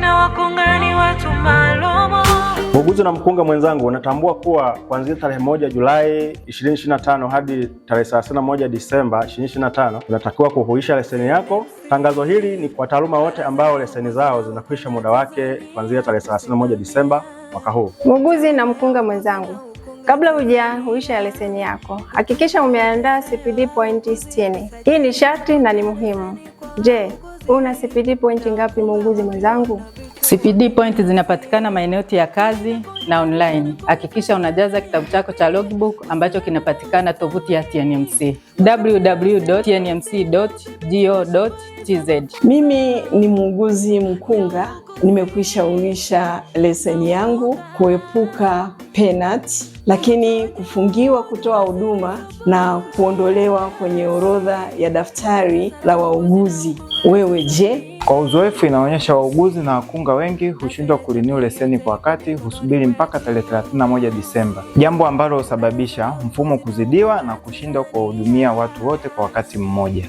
na Muuguzi na mkunga mwenzangu, natambua kuwa kuanzia tarehe moja Julai 2025 hadi tarehe 31 Disemba 2025 unatakiwa kuhuisha leseni yako. Tangazo hili ni kwa taaluma wote ambao leseni zao zinakwisha muda wake kuanzia tarehe 31 Disemba mwaka huu. Muuguzi na mkunga mwenzangu, kabla hujahuisha leseni yako, hakikisha umeandaa CPD point 60. Hii ni sharti na ni muhimu. Je, Una CPD point ngapi muuguzi mwenzangu? CPD point zinapatikana maeneo yote ya kazi na online. Hakikisha unajaza kitabu chako cha logbook ambacho kinapatikana tovuti ya TNMC www.tnmc.go.tz. Mimi ni muuguzi mkunga, nimekwishaulisha leseni yangu kuepuka penalty lakini kufungiwa kutoa huduma na kuondolewa kwenye orodha ya daftari la wauguzi. Wewe je? Kwa uzoefu inaonyesha wauguzi na wakunga wengi hushindwa kuliniu leseni kwa wakati, husubiri mpaka tarehe 31 Disemba, jambo ambalo husababisha mfumo kuzidiwa na kushindwa kuwahudumia watu wote kwa wakati mmoja.